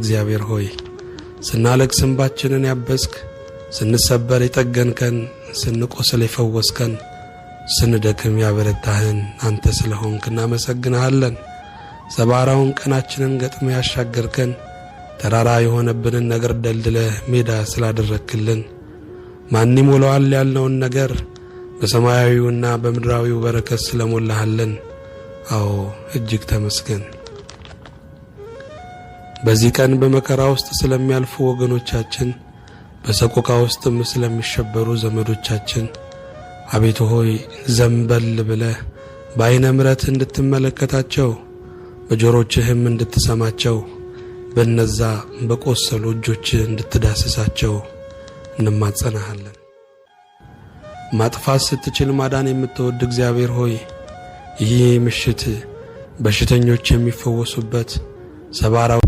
እግዚአብሔር ሆይ ስናለቅ ስንባችንን ያበስክ ስንሰበር የጠገንከን ስንቆስል የፈወስከን ስንደክም ያበረታህን አንተ ስለ ሆንክ እናመሰግንሃለን። ሰባራውን ቀናችንን ገጥመ ያሻገርከን ተራራ የሆነብንን ነገር ደልድለ ሜዳ ስላደረክልን ማን ይሞላዋል ያልነውን ነገር በሰማያዊውና በምድራዊው በረከት ስለሞላሃለን አዎ እጅግ ተመስገን። በዚህ ቀን በመከራ ውስጥ ስለሚያልፉ ወገኖቻችን፣ በሰቆቃ ውስጥም ስለሚሸበሩ ዘመዶቻችን አቤቱ ሆይ ዘንበል ብለህ በዐይነ ምረት እንድትመለከታቸው በጆሮችህም እንድትሰማቸው በነዛ በቆሰሉ እጆች እንድትዳስሳቸው እንማጸናሃለን። ማጥፋት ስትችል ማዳን የምትወድ እግዚአብሔር ሆይ ይህ ምሽት በሽተኞች የሚፈወሱበት ሰባራው